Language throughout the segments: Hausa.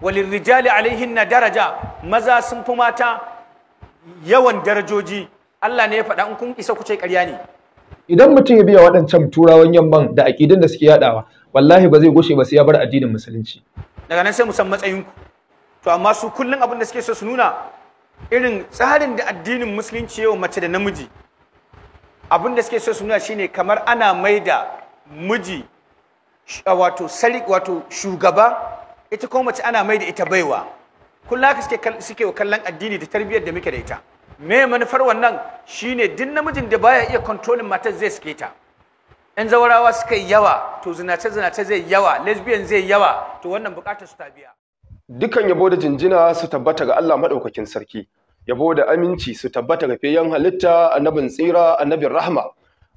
walin rijali alaihin na daraja maza sun fi mata yawan darajoji Allah ne ya faɗa in kun isa kuce karya ne idan mutum ya biya waɗancan turawan yamman da aƙidun da suke yaɗawa wallahi ba zai gushe ba sai ya bar addinin musulunci daga nan sai mu san matsayin ku to amma su kullun abin da suke so su nuna irin tsarin da addinin musulunci yau mace da namiji abin da suke so su nuna shine kamar ana maida miji wato sari wato shugaba ita ko mace ana mai da ita baiwa kullum haka suke suke kallon addini da tarbiyyar da muke da ita me manufar wannan shine duk namijin da baya iya kontrolin matar zai suke ta in zawarawa suka yi yawa to zinace zinace zai yawa lesbian zai yawa to wannan bukatar su ta biya dukan yabo da jinjina su tabbata ga Allah madaukakin sarki yabo da aminci su tabbata ga fiyan halitta annabin tsira annabin rahma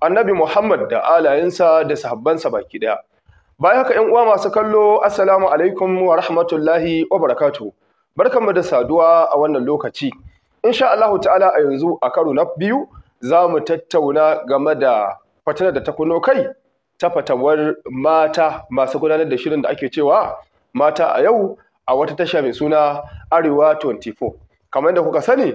annabi Muhammad da alayensa da sahabbansa baki daya Bayan haka ‘yan uwa masu kallo, Assalamu alaikum wa rahmatullahi wa barakatu. Barkanmu da saduwa a wannan lokaci. Insha Allahu ta'ala a yanzu a karo na biyu za mu tattauna game da fatanar da ta kuno kai ta fatawar mata masu gudanar da shirin da ake cewa mata a yau a wata tasha mai suna Arewa 24. Kamar da kuka sani,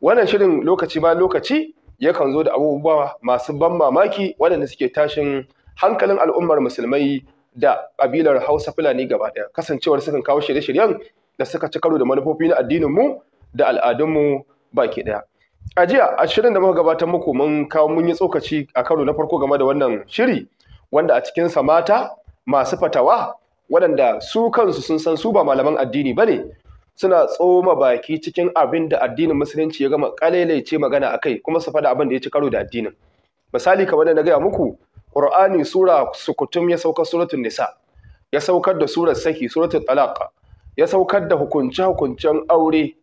wannan shirin lokaci bayan lokaci yakan zo da abubuwa masu ban mamaki waɗanda suke tashin hankalin al'ummar musulmai da ƙabilar Hausa Fulani gaba ɗaya kasancewar sukan kawo shirye-shiryen da suka ci karo da manufofi na addinin mu da al'adunmu baki ɗaya a jiya a shirin da muka gabata muku mun kawo mun yi tsokaci a karo na farko game da wannan shiri wanda a cikinsa mata masu fatawa waɗanda su kansu sun san su ba malaman addini ba ne suna tsoma baki cikin abin da addinin musulunci ya gama ce magana a kai kuma su faɗa abin da ya ci karo da addinin misali kamar da na gaya muku Qur'ani sura sukutum ya sauka suratul nisa ya saukar da surar saki suratul talaq ya saukar da hukunce hukuncen aure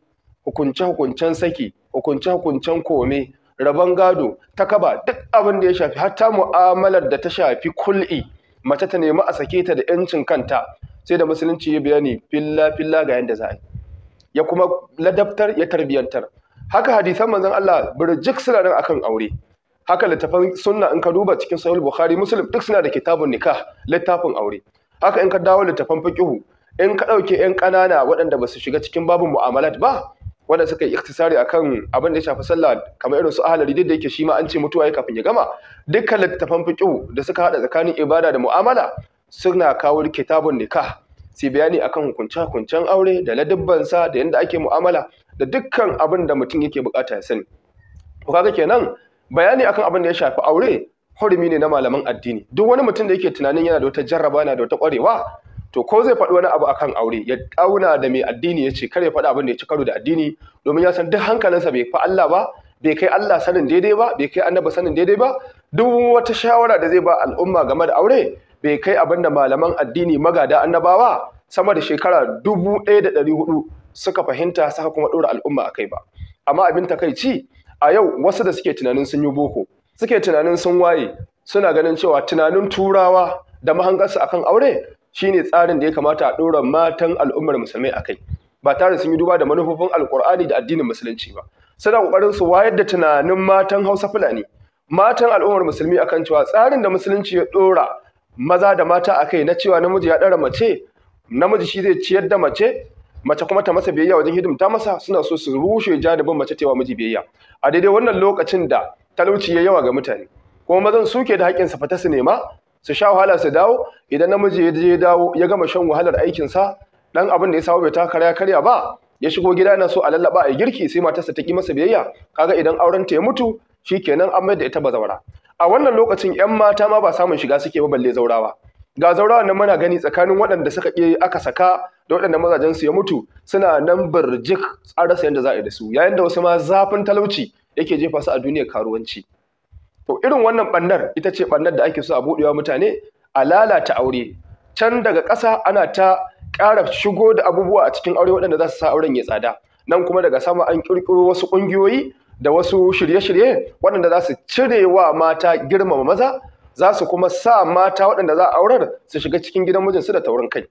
hukunce hukuncen saki hukunce hukuncen kome rabon gado takaba duk abin da ya shafi hatta mu'amalar da ta shafi kul'i mace ta nemi a sake ta da yancin kanta sai da musulunci ya bayani filla filla ga yanda za a yi ya kuma ladabtar ya tarbiyantar haka hadisan manzon Allah birjik sularin akan aure haka littafin sunna in ka duba cikin sahih bukhari muslim duk suna da kitabun nikah littafin aure haka in ka dawo littafin fiqhu in ka dauke yan kanana waɗanda ba su shiga cikin babun mu'amalat ba wanda suka yi iktisari akan abin da ya shafi sallah kamar irin su ahlul duk da yake shi ma an ce mutuwa kafin ya gama dukkan littattafan fiqhu da suka hada tsakanin ibada da mu'amala suna kawo kitabun nikah sai bayani akan hukunce-hukuncen aure da sa da yanda ake mu'amala da dukkan abin da mutum yake bukata ya sani. Ko kaga kenan bayani akan abin da ya shafi aure hurumi ne na malaman addini duk wani mutum da yake tunanin yana da wata jarraba yana da wata ƙwarewa to ko zai faɗi wani abu akan aure ya auna da mai addini ya ce kare faɗi abin da ya ci karo da addini domin ya san duk hankalinsa bai fa Allah ba bai kai Allah sanin daidai ba bai kai annabi sanin daidai ba duk wata shawara da zai ba al'umma game da aure bai kai abin da malaman addini magada annabawa sama da shekara dubu ɗaya da ɗari hudu suka fahimta suka kuma ɗora al'umma a kai ba amma abin takaici a yau wasu da suke tunanin sun yi boko suke tunanin sun waye suna ganin cewa tunanin turawa da mahangarsu akan aure shine tsarin da ya kamata a ɗora matan al'ummar musulmai a kai ba tare sun yi duba da manufofin alkur'ani da addinin musulunci ba suna ƙoƙarin su wayar da tunanin matan hausa fulani matan al'ummar musulmi akan cewa tsarin da musulunci ya ɗora maza da mata a kai na cewa namiji ya ɗara mace namiji shi zai ciyar da mace mace kuma ta masa biyayya wajen hidimta masa suna so su rushe jadabin mace tewa miji biyayya a daidai wannan lokacin da talauci ya yawa ga mutane kuma mazan suke da haƙƙin fa ta su nema su sha wahala su dawo idan namiji ya je dawo ya gama shan wahalar aikinsa, ɗan abin da ya samu bai ta karya karya ba ya shigo gida yana so a lallaba a girki sai matarsa ta ki masa biyayya kaga idan auren ta ya mutu shikenan an mai da ita bazawara a wannan lokacin yan mata ma ba samun shiga suke ba balle zaurawa ga zaura nan muna gani tsakanin waɗanda suka ƙi aka saka da waɗanda mazajen su ya mutu suna nan birjik tsarasa rasa yadda za a yi da su yayin da wasu ma zafin talauci yake jefa su a duniyar karuwanci to irin wannan ɓannar ita ce ɓannar da ake so a buɗewa mutane a lalata aure can daga ƙasa ana ta ƙara shigo da abubuwa a cikin aure waɗanda za su sa auren ya tsada nan kuma daga sama an ƙirƙiro wasu ƙungiyoyi da wasu shirye-shirye waɗanda za su cire wa mata girmama maza za su kuma sa mata waɗanda za a aurar su shiga cikin gidan mijinsu da taurin kai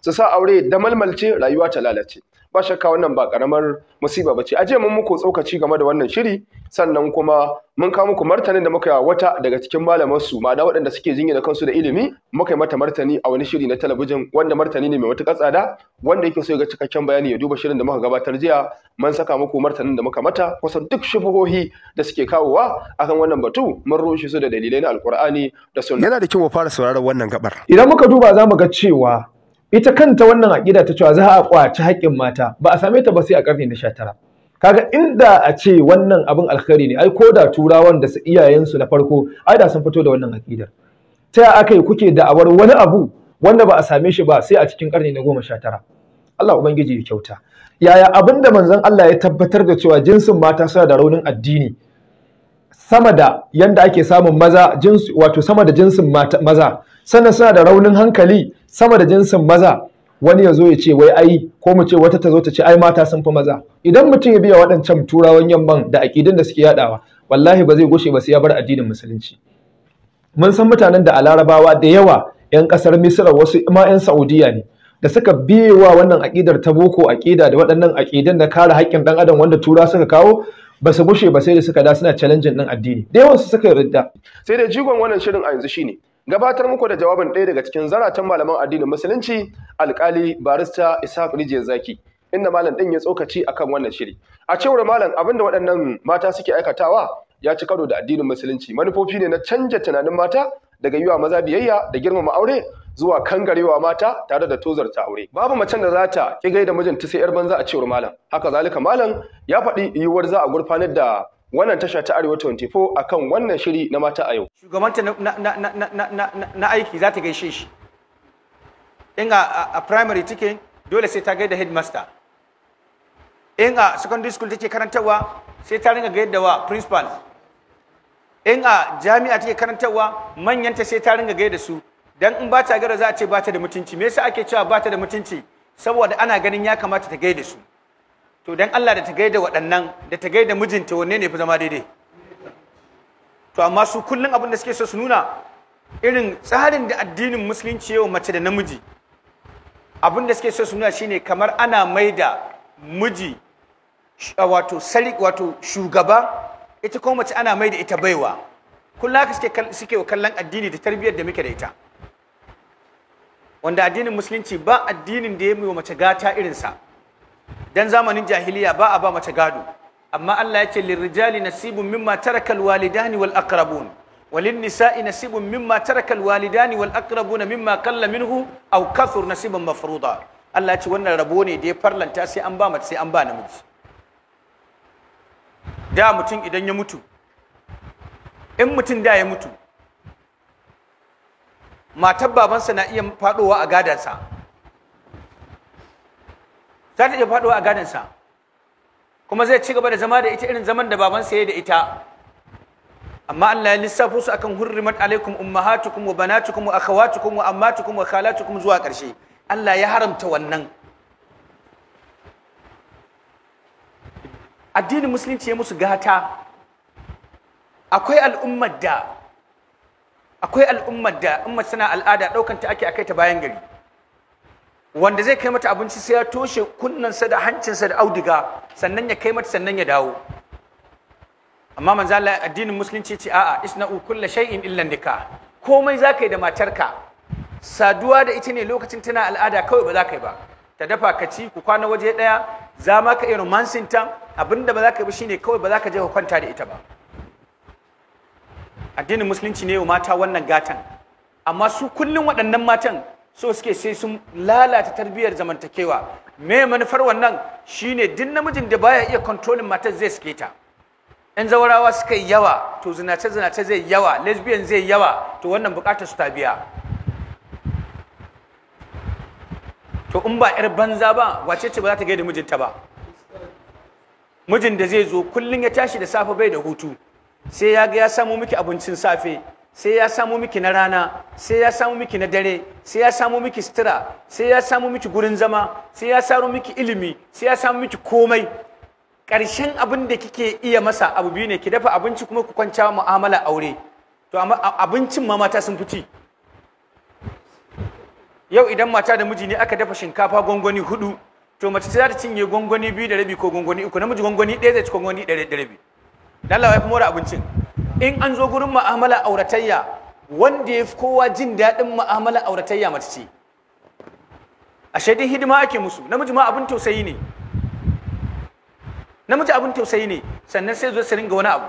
su sa aure da malmalce rayuwa ta lalace ba shakka wannan ba karamar musiba ba ce aje mun muku tsokaci game da wannan shiri sannan kuma mun kawo muku martanin da muka wata daga cikin malaman su da waɗanda suke jinya da kansu da ilimi muka yi mata martani a wani shiri na talabijin wanda martani ne mai wata tsada wanda yake so ya ga cikakken bayani ya duba shirin da muka gabatar jiya mun saka muku martanin da muka mata kusan duk shubuhohi da suke kawowa akan wannan batu mun rushe su da dalilai na alkur'ani da sunna yana da kyau mu fara sauraron wannan gabar idan muka duba zamu ga cewa ita kanta wannan aƙida ta cewa za a ƙwaci haƙƙin mata ba a same ta ba sai a ƙarni na 19 kaga inda a ce wannan abin alkhairi ne ai ko da turawan da iyayensu na farko ai da sun fito da wannan aƙidar ta aka yi kuke da'awar wani abu wanda ba a same shi ba sai a cikin ƙarni na goma sha tara Allah ubangiji ya kyauta yaya abin da manzon Allah ya tabbatar da cewa jinsin mata suna da raunin addini sama da yanda ake samun maza jinsi wato sama da jinsin maza sannan suna da raunin hankali sama da jinsin maza wani ya zo ya ce wai ai ko mu ce wata ta zo ta ce ai mata sun fi maza idan mutum ya biya waɗancan turawan yamman da aƙidin da suke yaɗawa wallahi ba zai gushe ba sai ya bar addinin musulunci mun san mutanen da a larabawa da yawa 'yan ƙasar misira wasu ma 'yan saudiya ne da suka biyewa wannan aƙidar ta boko aƙida da waɗannan aƙidan na kare haƙƙin ɗan adam wanda tura suka kawo ba su gushe ba sai da suka da suna challenging ɗin addini da yawan su suka yarda sai da jigon wannan shirin a yanzu shine gabatar muku da jawabin ɗaya daga cikin zaratan malaman addinin musulunci alkali barista ishaq rijiyar zaki inda malam ɗin ya tsokaci akan wannan shiri a cewar malam abinda waɗannan mata suke aikatawa ya ci karo da addinin musulunci manufofi ne na canja tunanin mata daga yiwa maza biyayya da girmama aure zuwa kangarewa mata tare da tozarta aure babu macen da za ta ƙi gaida mijinta sai yar banza a cewar malam haka zalika malam ya faɗi yiwuwar za a gurfanar da wannan tasha ta Arewa 24 akan wannan shiri na mata a yau. Shugabanta na, aiki za ta gaishe shi. In a, a primary take dole sai ta gaida headmaster. In a secondary school take karantarwa sai ta ringa gaida wa principal. In a jami'a take karantarwa manyanta sai ta ringa gaida su. Dan in ba ta gara za a ce ba ta da mutunci. Me yasa ake cewa ba ta da mutunci? Saboda ana ganin ya kamata ta gaida su. to dan Allah da ta gaida waɗannan da ta gaida mijinta wanne ne fi zama daidai to amma su kullum abin da suke so su nuna irin tsarin da addinin musulunci yau mace da namiji abin da suke so su nuna shine kamar ana maida miji wato sari wato shugaba ita kuma mace ana maida ita baiwa kullum haka suke suke kallon addini da tarbiyyar da muke da ita wanda addinin musulunci ba addinin da ya yi wa mace gata irinsa dan zamanin jahiliya ba a ba mace gado amma Allah ya lirijali lirrijali nasibun mimma tarakal walidani wal aqrabun walin nisa'i nasibun mimma tarakal walidani wal aqrabun mimma qalla minhu aw kathur nasiban mafruda Allah ya wannan rabo ne da ya farlanta sai an ba mace sai an ba namiji da mutum idan ya mutu in mutum da ya mutu matar babansa na iya faɗowa a gadansa za ta iya faɗo a gadonsa kuma zai ci gaba da zama da ita irin zaman da babansa ya da ita amma Allah ya lissafo su akan hurrimat alaikum ummahatukum wa banatukum wa akhawatukum wa ammatukum wa khalatukum zuwa ƙarshe Allah ya haramta wannan addinin musulunci ya musu gata akwai al'ummar da akwai al'ummar da in mace tana al'ada ta ake akai ta bayan gari wanda zai kai mata abinci sai ya toshe sa da hancinsa da auduga sannan ya kai mata sannan ya dawo amma manzo Allah addinin musulunci ce a'a isna'u kullu shay'in illa nika komai zaka yi da matarka saduwa da ita ne lokacin tana al'ada kawai ba za ka yi ba ta dafa ka ci ku kwana waje daya za ma ka iya romancing ta abinda ba za ka yi ba shine kawai ba za ka je ka kwanta da ita ba addinin musulunci ne wa mata wannan gatan amma su kullum waɗannan matan so suke sai sun lalata tarbiyyar zamantakewa me manufar wannan shine duk namijin da baya iya kontrolin matar zai suke ta yan zawarawa suka yi yawa to zinace zinace zai yawa lesbian zai yawa to wannan bukatar su ta biya to in ba yar banza ba wace ce ba za ta gaida mijinta ba mijin da zai zo kullum ya tashi da safe bai da hutu sai ya ga ya samu miki abincin safe sai ya samu miki na rana sai ya samu miki na dare sai ya samu miki sutura sai ya samu miki gurin zama sai ya samu miki ilimi sai ya samu miki komai ƙarshen abin da kike iya masa abu biyu ne ki dafa abinci kuma ku kwanta mu'amala aure to amma abincin ma mata sun fi ci yau idan mata da miji ne aka dafa shinkafa gwangwani hudu to mace ta ta cinye gwangwani biyu da rabi ko gwangwani uku namiji gwangwani ɗaya zai ci gwangwani ɗaya da rabi dan lawa ya fi mora abincin in an zo gurin ma'amala auratayya wanda ya fi kowa jin daɗin ma'amala auratayya mace ce a shaidin hidima ake musu namiji ma abin tausayi ne namiji abin tausayi ne sannan sai zo su ringa wani abu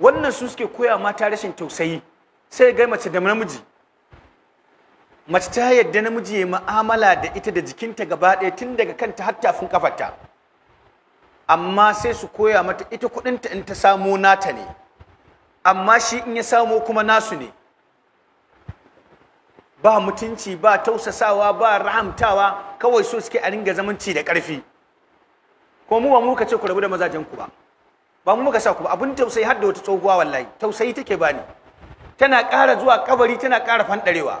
wannan su suke koya mata rashin tausayi sai ga mace da namiji mace ta yadda namiji ya ma'amala da ita da jikinta gaba ɗaya tun daga kanta har tafin kafarta amma sai su koya mata ita kuɗinta in ta samo nata ne amma shi in ya samu kuma nasu ne ba mutunci ba tausasawa ba rahamtawa kawai so suke a ringa zamanci da ƙarfi ko mu ba mu ce ku rabu da mazajen ku ba ba mu muka sa ku ba abin tausayi har da wata tsohuwa wallahi tausayi take bani tana ƙara zuwa kabari tana ƙara fandarewa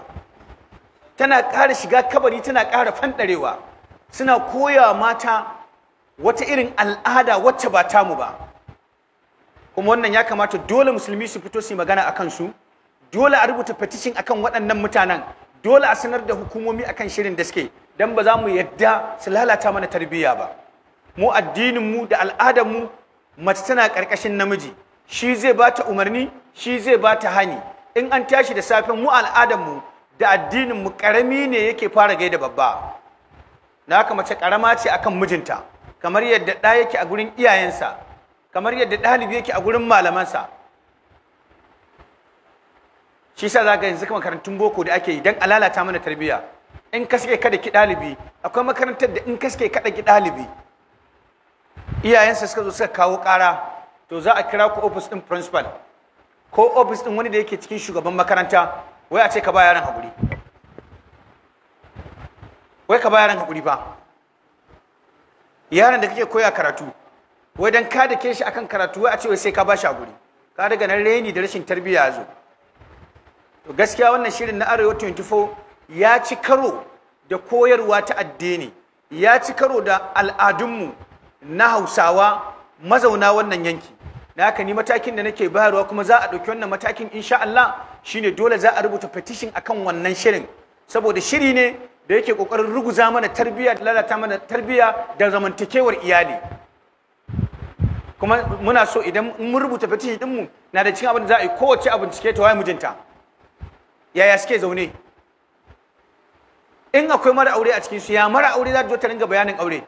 tana ƙara shiga kabari tana ƙara fanɗarewa suna koya mata wata irin al'ada wacce ba tamu ba kuma wannan ya kamata dole musulmi su fito su yi magana a kansu. dole a rubuta petition kan waɗannan mutanen dole a sanar da hukumomi a kan shirin da suke dan ba za mu yadda su lalata mana tarbiyya ba mu addinin mu da al'adar mu mace tana karkashin namiji shi zai ba ta umarni shi zai ba ta hani in an tashi da safen mu al'adar mu da addinin mu karami ne yake fara gaida babba na haka mace karama ce akan mijinta kamar yadda ɗa yake a gurin iyayensa kamar yadda ɗalibi yake a gurin malamansa shi sa zaka yanzu makarantun boko da ake yi dan alalata mana tarbiyya in ka suke kada ki ɗalibi akwai makarantar da in ka suke kada ki ɗalibi iyayensa suka zo suka kawo ƙara to za a kira ku ofis ɗin principal ko ofis ɗin wani da yake cikin shugaban makaranta wai a ce ka ba yaran haƙuri wai ka ba yaran haƙuri ba. yaran da kake koya karatu wai dan ka dake shi akan karatu wai a ce sai ka ba shi guri ka daga nan reni da rashin tarbiyya zo to gaskiya wannan shirin na arewa 24 ya ci karo da koyarwa ta addini ya ci karo da al'adunmu na hausawa mazauna wannan yanki na haka ni matakin da nake bayarwa kuma za a ɗauki wannan matakin insha Allah shine dole za a rubuta petition akan wannan shirin saboda shiri ne da yake kokarin ruguza mana tarbiyya da lalata mana tarbiyya da zamantakewar iyali kuma muna so idan mun rubuta petition dinmu na da cikin abin da za a yi kowace abin cike ta waye mijinta yaya suke zaune in akwai mara aure a cikin su ya mara aure za ta zo ta ringa bayanin aure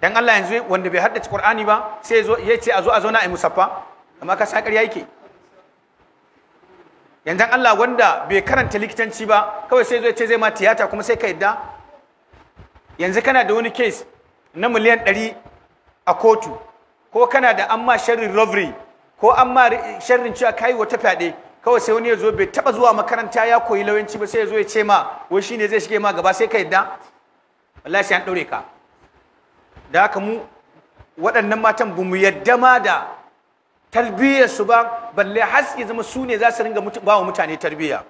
dan Allah yanzu wanda bai haddace Qur'ani ba sai zo ya ce a zo a zauna a yi musaffa amma ka sakar ƙarya yake yanzu Allah wanda bai karanta likitanci ba kawai sai zo ya ce zai ma tiyata kuma sai ka yadda yanzu kana da wani case na miliyan ɗari a kotu ko kana da amma sharrin robbery ko amma sharrin cewa kai wata fyaɗe kawai sai wani ya zo bai taba zuwa makaranta ya koyi lawanci ba sai ya zo ya ce ma wai shine zai shige ma gaba sai ka yadda wallahi sai an ɗaure ka da haka mu waɗannan matan ba mu yadda ma da tarbiyyar su ba balle haske zama su ne za su ringa ba wa mutane tarbiyya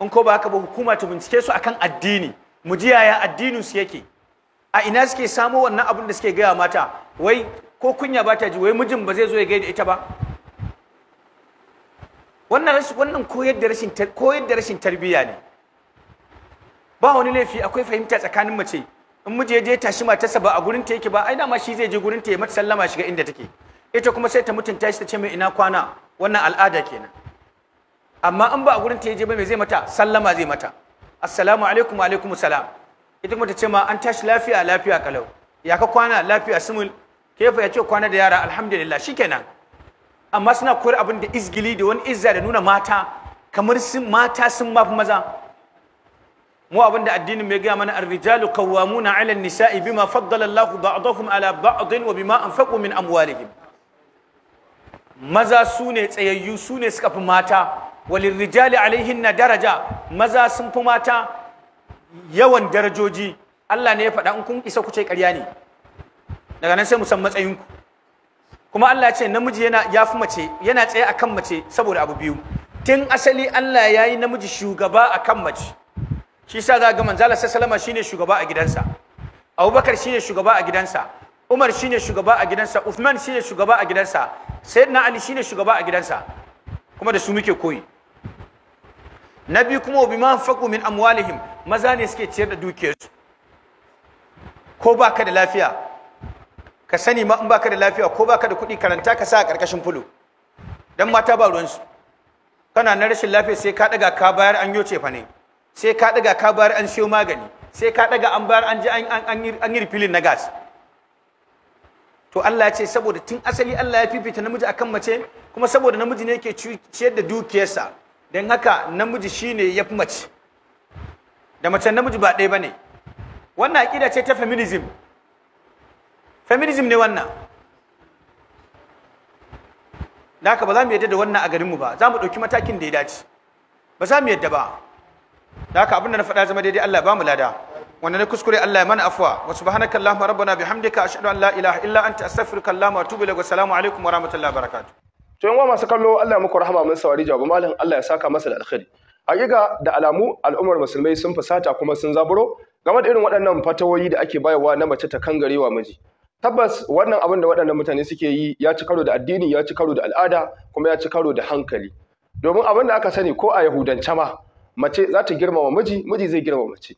in ko ba haka ba hukuma ta bincike su akan addini mu ji yaya addinin su yake a ina suke samo wannan abin da suke gaya mata wai ko kunya ba ta ji wai mijin ba zai zo ya gai da ita ba wannan rashin wannan koyar da rashin koyar da rashin tarbiyya ne ba wani laifi akwai fahimta tsakanin mace in miji je tashi matarsa ba a gurin ta yake ba ai dama shi zai je gurin ta ya mata sallama shiga inda take ita kuma sai ta mutunta shi ta ce mai ina kwana wannan al'ada kenan amma in ba a gurin ta ya je ba me zai mata sallama zai mata assalamu alaikum wa alaikum salam ita mata ce ma an tashi lafiya lafiya kalau ya ka kwana lafiya simul kefa ya ce kwana da yara alhamdulillah shikenan amma suna koyar abin da izgili da wani izza da nuna mata kamar mata sun mafi maza mu abin da addinin mai gaya mana arrijalu qawwamuna 'ala an-nisa'i bima faddala Allahu ba'dahum 'ala ba'din wa bima anfaqu min amwalihim maza su ne tsayayyu su ne suka fi mata Rijali alaihin alaihinna daraja maza sun fi mata yawan darajoji Allah ne ya faɗa in kun isa ku ce ƙarya ne daga nan sai mu san ku. kuma Allah ya ce namiji yana ya fi mace yana tsaye akan mace saboda abu biyu tun asali Allah ya yi namiji shugaba akan mace shi sa za ga manzala salama shine shugaba a gidansa Abubakar shine shugaba a gidansa Umar shine shugaba a gidansa Uthman shine shugaba a gidansa Sayyidina Ali shine shugaba a gidansa kuma da su muke koyi na biyu kuma bi ma faku min amwalihim maza ne suke ciyar da dukiyarsu ko ba ka da lafiya ka sani ma in ba ka da lafiya ko ba ka da kuɗi karanta ka sa a ƙarƙashin fulo dan mata ba ruwansu kana na rashin lafiya sai ka ɗaga ka bayar an yoce fa ne sai ka ɗaga ka bayar an siyo magani sai ka ɗaga an bayar an ji an yi rifilin na gas to Allah ya ce saboda tun asali Allah ya fifita namiji akan mace kuma saboda namiji ne yake ciyar da dukiyarsa don haka namiji shine ya fi mace da mace namiji ba ɗaya ba ne wannan aƙida ce ta feminism feminism ne wannan da haka ba za mu yadda da wannan a garinmu ba za mu ɗauki matakin da ya dace ba za mu yadda ba da haka abin da na faɗa zama daidai Allah ba mu lada wanda na kuskure Allah ya mana afuwa? wa subhanaka allahumma rabbana bihamdika ashhadu an la ilaha illa anta astaghfiruka allahumma wa atubu ilaik wa assalamu alaikum wa rahmatullahi wa barakatuh to yan masu kallo Allah muku rahama mun saurari jawaban malam Allah ya saka masa da alkhairi hakika da alamu al'ummar musulmai sun fusata kuma sun zaburo game da irin waɗannan fatawoyi da ake bayarwa na mace ta kangarewa miji tabbas wannan abin da waɗannan mutane suke yi ya ci karo da addini ya ci karo da al'ada kuma ya ci karo da hankali domin abin da aka sani ko a yahudance ma mace za ta girmama miji miji zai girmama mace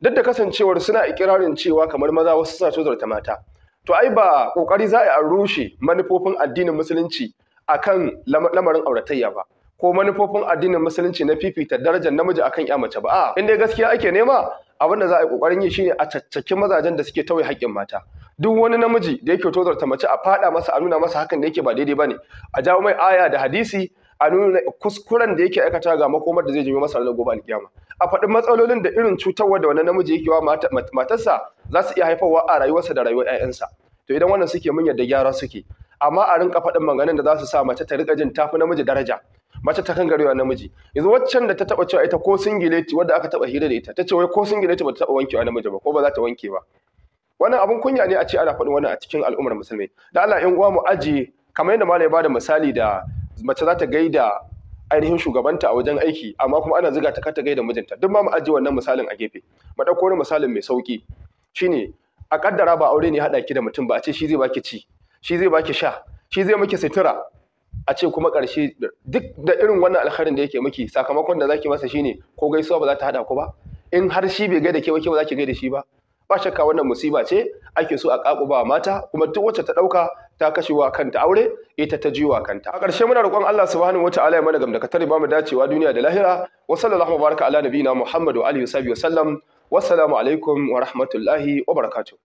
duk da kasancewar suna ikirarin cewa kamar maza wasu suna tozarta mata to ai ba kokari za a rushe manufofin addinin musulunci akan lamarin auratayya ba ko manufofin addinin musulunci na fifita darajar namiji akan ya mace ba a dai gaskiya ake nema abin da za a yi kokarin yi shine a caccaki mazajen da suke tauye haƙƙin mata duk wani namiji da yake tozarta mace a fada masa a nuna masa hakan da yake ba daidai ba ne. a jawo mai aya da hadisi a nuna kuskuren da yake aikata ga makomar da zai jimi masa ranar gobe alƙiyama. a faɗi matsalolin da irin cutarwa da wani namiji yake wa matarsa za su iya haifarwa a rayuwarsa da rayuwar 'ya'yansa to idan wannan suke mun yadda gyara suke amma a rinka faɗin maganganun da za su sa mace ta rika jin tafi namiji daraja mace ta wa namiji yanzu waccan da ta taba cewa ita ko singileti wadda aka taba hira da ita ta ce wai ko singileti ba ta taba wankewa namiji ba ko ba za ta wanke ba wannan abun kunya ne a ce ana faɗin wannan a cikin al'ummar Musulmi. da Allah in uwa mu aji kamar yadda malai bada misali da mace za ta gaida ainihin shugabanta a wajen aiki amma kuma ana ziga ta kata gaida mijinta duk ma mu aji wannan misalin a gefe mu ɗauko wani misalin mai sauki shine a kaddara ba aure ne haɗa ki da mutum ba a ce shi zai baki ci shi zai baki sha shi zai miki sutura a ce kuma ƙarshe duk da irin wannan alkhairin da yake miki sakamakon da zaki masa shine ko gaisuwa ba za ta hada ku ba in har shi bai gaida ke ba ke ba za ki gaida shi ba ba shakka wannan musiba ce ake so a kakuba mata kuma duk wacce ta dauka ta kashewa kanta aure ita ta jiwa kanta a ƙarshe muna roƙon Allah subhanahu wataala ya mana gamdakatar ba mu dacewa duniya da lahira wa sallallahu baraka ala nabiyina Muhammad wa alihi wa sallam wassalamu alaikum wa rahmatullahi wa barakatuh